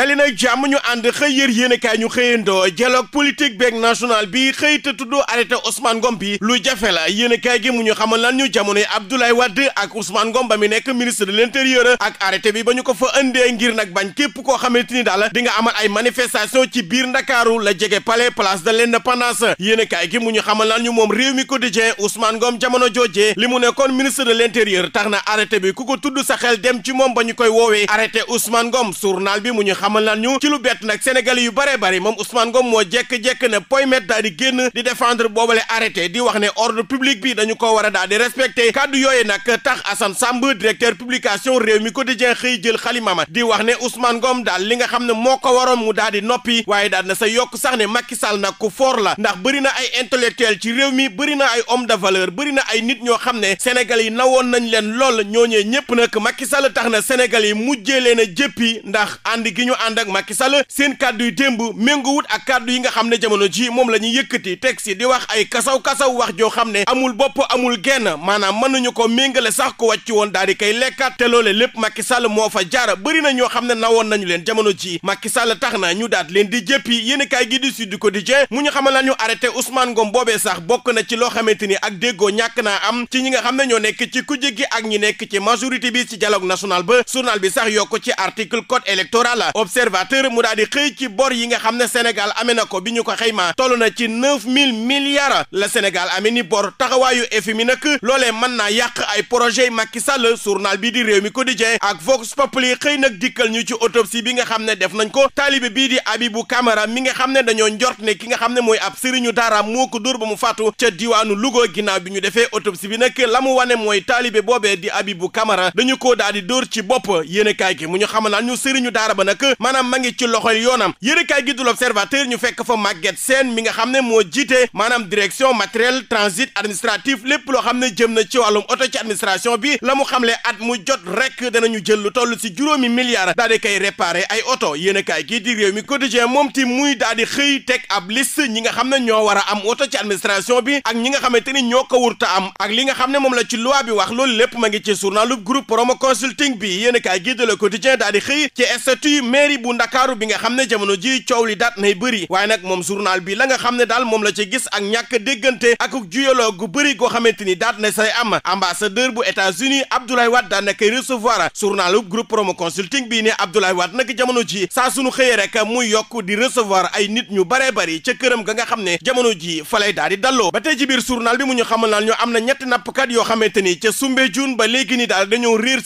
dali nag jàmm ñu ànd xëy yër yéenekaay ñu xëyandoo dialogue politique beeg national bi xëy te tudd arrêté Ousmane Ngom bi lu jafe la kaay gi mu ñu xamal lan ñu jamonoy Abdoulaye Wade ak Ousmane Ngom ba mi nekk ministre de l'intérieur ak arrêté bi ba ñu ko fa ëndee ngir nag bañ képp koo xamante ni daal di nga amal ay manifestation ci biir Ndakaaru la jege palais place de l'indépendance yéenekaay gi mu ñu xamal lan ñu moom réew mi quotidien Ousmane Ngom jamono joojee li mu nekkoon ministre de l'intérieur tax na arrêté bi ku ko tudd sa xel dem ci moom ba ñu koy woowee arrêté Ousmane Ngom journal bi mu ñu xam xamal naan ñu ci lu bett nag sénégalais yu bare bare moom Ousmane Ngom moo jekk-jekk ne Poymet daal di génn di défendre boobale arrêté di wax ne ordre public bi dañu ko war a daal di respecté kàddu yooyu nag tax Assane Samb directeur publication réew mi quotidien xëy jël xalimama di wax ne Ousmane Ngom daal li nga xam ne moo ko waroon mu daal di noppi waaye daal na sa yokk sax ne Macky Sall nag ku foor la ndax bëri na ay intellectuel ci réew mi bëri na ay homme de valeur bëri na ay nit ñoo xam ne Sénégal yi nawoon nañ leen lool ñooñee ñëpp nag Macky Sall tax na Sénégal yi mujjee leen a jëppi ndax ànd gi ñu ànd ak Macky seen kàddu yu démb méngoowut ak kàddu yi nga xam ne jamono ji moom la ñuy yëkkati teg si di wax ay kasaw-kasaw wax joo xam ne amul bopp amul genn maanaam mënuñu ko méngale sax ko wàcc woon daal di koy lekkaat te loole lépp Macky Sall moo fa jaara bëri na ñoo xam ne nawoon nañu leen jamono ji Macky Sall tax na ñu daat leen di jëppi yéen gi di ko di Quotidien mu ñu xamal la ñu arrêté Ousmane Ngom boobee sax bokk na ci loo xamante ni ak déggoo ñàkk naa am ci ñi nga xam ne ñoo nekk ci kujje gi ak ñi nekk ci majorité bi ci dialogue national ba journal bi sax yokk ci article code électoral observateur mu daal di xëy ci bor yi nga xam ne Sénégal amee na ko bi ñu ko xaymaa toll na ci neuf mille milliards la Sénégal amee ni bor taxawaayu FMI nag loolee mën naa yàq ay projet Macky Sall journal bii di réew mi quotidien ak Vox Populi xëy nag dikkal ñu ci autopsie bi nga xam ne def nañ ko taalibe bii di Abibou Camara mi nga xam ne dañoo njort ne ki nga xam ne mooy ab sëriñu daara moo ko dóor ba mu faatu ca diwaanu Louga ginnaaw bi ñu defee autopsie bi nag la mu wane mooy taalibe boobee di Abibou Camara dañu ko daal di dóor ci bopp yéenekaay gi mu ñu xamal ñu sëriñu daara ba nag maanaam ma ngi ci loxol yoonam yërekaay gi du l'observateur ñu fekk fa Maguette Sène mi nga xam ne moo jiite maanaam direction matériel transit administratif lépp loo xam ne jëm na ci wàllum oto ci administration bi la mu xamle at mu jot rek danañu jël lu toll si juróomi milliards daal di koy réparé ay oto yërekaay gi di réew mi quotidien moom ti muy daal di xëy teg ab liste ñi nga xam ne ñoo war am oto ci administration bi ak ñi nga xamante ni ñoo ko am ak li nga xam ne moom la ci loi bi wax loolu lépp ma ngi ci journalu groupe promo a kaay gi mairie bu ndakaaru bi nga xam ne jamono ji coow li daat nay bëri waaye nag moom journal bi la nga xam ne daal moom la ci gis ak ñàkk déggante ak juyaloo bëri goo xamante ni daat na say am ambassadeur bu États-Unis Abdoulaye Wade daan na koy recevoir journalu groupe promo consulting bii ne Abdoulaye Wade nag jamono ji saa sunu xëyee muy yokk di recevoir ay nit ñu baree bari ca këram ga nga xam ne jamono ji falay daal di dalloo ba tey ci biir journal bi mu ñu xamal na ñetti yoo xamante ni ca Soumbédioune ba léegi ni daal dañoo réer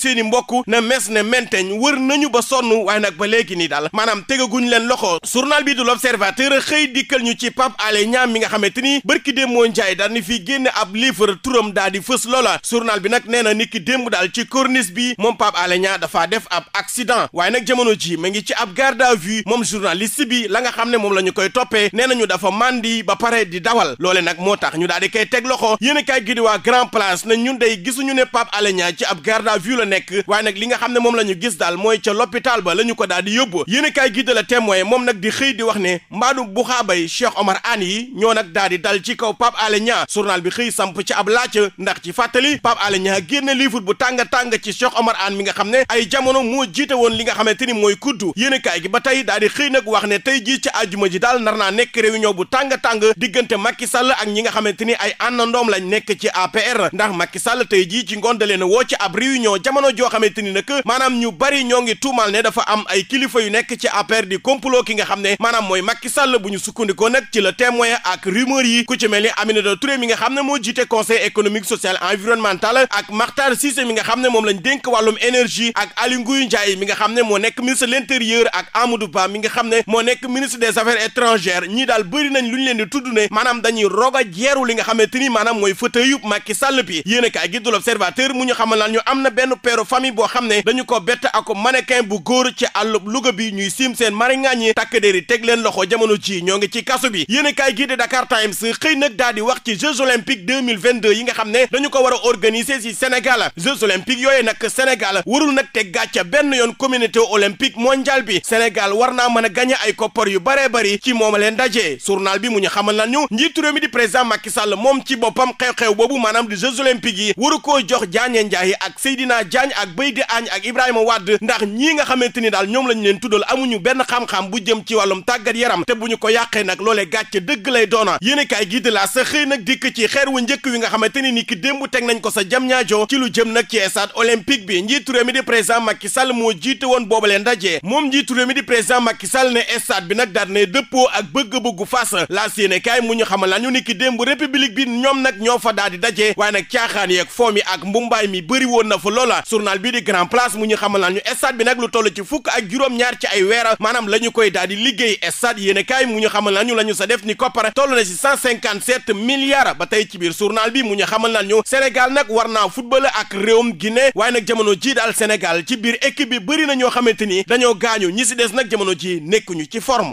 nekki nii daal maanaam tegaguñ leen loxo journal bi du l'observateur xëy dikkal ñu ci Pape Alé Niang mi nga xamante ni bërki démb moo njaay daal ni fii génne ab livre turam daal di fës loola journal bi nag nee na nit ki démb daal ci corniche bi moom Pape Alé Niang dafaa def ab accident waaye nag jamono ji ma ngi ci ab garde à moom journaliste bi la nga xam ne moom la koy toppee nee nañu dafa màndi ba pare di dawal loole nag moo tax ñu daal di teg loxo yéen a kaay yóbbu yéen a kaay gi de moom nag di xëy di wax ne mbaadu bu xaabay Cheikh Omar Anne yi ñoo nag daal di dal ci kaw Pape Alé Niang journal bi xëy samp ci ab laaj ndax ci fàttali Pape Alé Niang génn livre bu tàng-tàng ci Cheikh Omar Anne mi nga xam ne ay jamono moo jiite woon li nga xamante ni mooy kuddu yéen a kaay gi ba tey daal di xëy nag wax ne tey jii ci àjjuma ji daal nar naa nekk réunion bu tàng-tàng diggante Macky Sall ak ñi nga xamante ni ay àndandoom lañ nekk ci APR ndax Macky Sall tey jii ci ngoon da leen woo ci ab réunion jamono joo xamante ni nag maanaam ñu bari ñoo ngi tuumal ne dafa am kilifa yu nekk ci APR di ki nga xam ne maanaam mooy Macky Sall bu ñu sukkandikoo nag ci la témoin ak rumeur yi ku ci mel ni Aminata Touré mi nga xam ne moo jiite conseil économique social environnemental ak Makhtar Cissé mi nga xam ne moom lañ dénk wàllum énergie ak Aly Ngouille mi nga xam ne moo nekk ministre de ak Amadou Ba mi nga xam ne moo nekk ministre des affaires étrangères ñii daal bëri nañ lu ñu leen dañuy roga jeeru li Louga bi ñuy siim seen mari ngaañi takk der yi teg leen loxo jamono ji ñoo ngi ci kaso bi yéen a kaay gii di Dakar Times xëy nag daal di wax ci Jeux olympiques 2022 yi nga xam ne dañu ko war a organiser ci Sénégal Jeux olympiques yooyu nag Sénégal warul nag teg gàcce benn yoon communauté olympique mondiale bi Sénégal war naa mën a gagné ay koppar yu bëree ci moom leen daje bi mu ñu xamal lan ñu njiitu réew mi di moom ci boppam xew-xew boobu leen tuddal amuñu benn xam-xam bu jëm ci wàllum tàggat yaram te bu ñu ko yàqee nag loolee gàcce dëgg lay doona yéene kaay gii di la sa xëy nag dikk ci xeer wu njëkk wi nga xamante ni ni ki démb teg nañ ko sa jam ñaajo ci lu jëm nag ci stade olympique bi njiitu réew mi di président Macky Sall moo jiite woon boobalee ndaje moom njiitu réew di président Macky Sall ne stade bi nag daal ne dëppoo ak bëgg bëgg Fass laas yéene kaay mu ñu xamal la ñu ni ki démb république bi ñoom nag ñoo fa daal di daje waaye nag caaxaan yeeg foo mi ak mi bëri woon na fa loola journal bi di grand place mu ñu xamal la ñu stade bi nag juróom-ñaar ci ay weer maanaam la ñu koy daal di liggéey stade yéen kaay mu ñu xamal nañu la ñu sa def ni koppare toll na ci cent cinquante sept ba tey ci biir journal bi mu ñu xamal nañu Sénégal nag war naa futbal ak réewum Guinée waaye nag jamono ji daal Sénégal ci biir équipe bi bari na ñoo xamante ni dañoo gaañu ñi si des nag jamono ji nekkuñu ci forme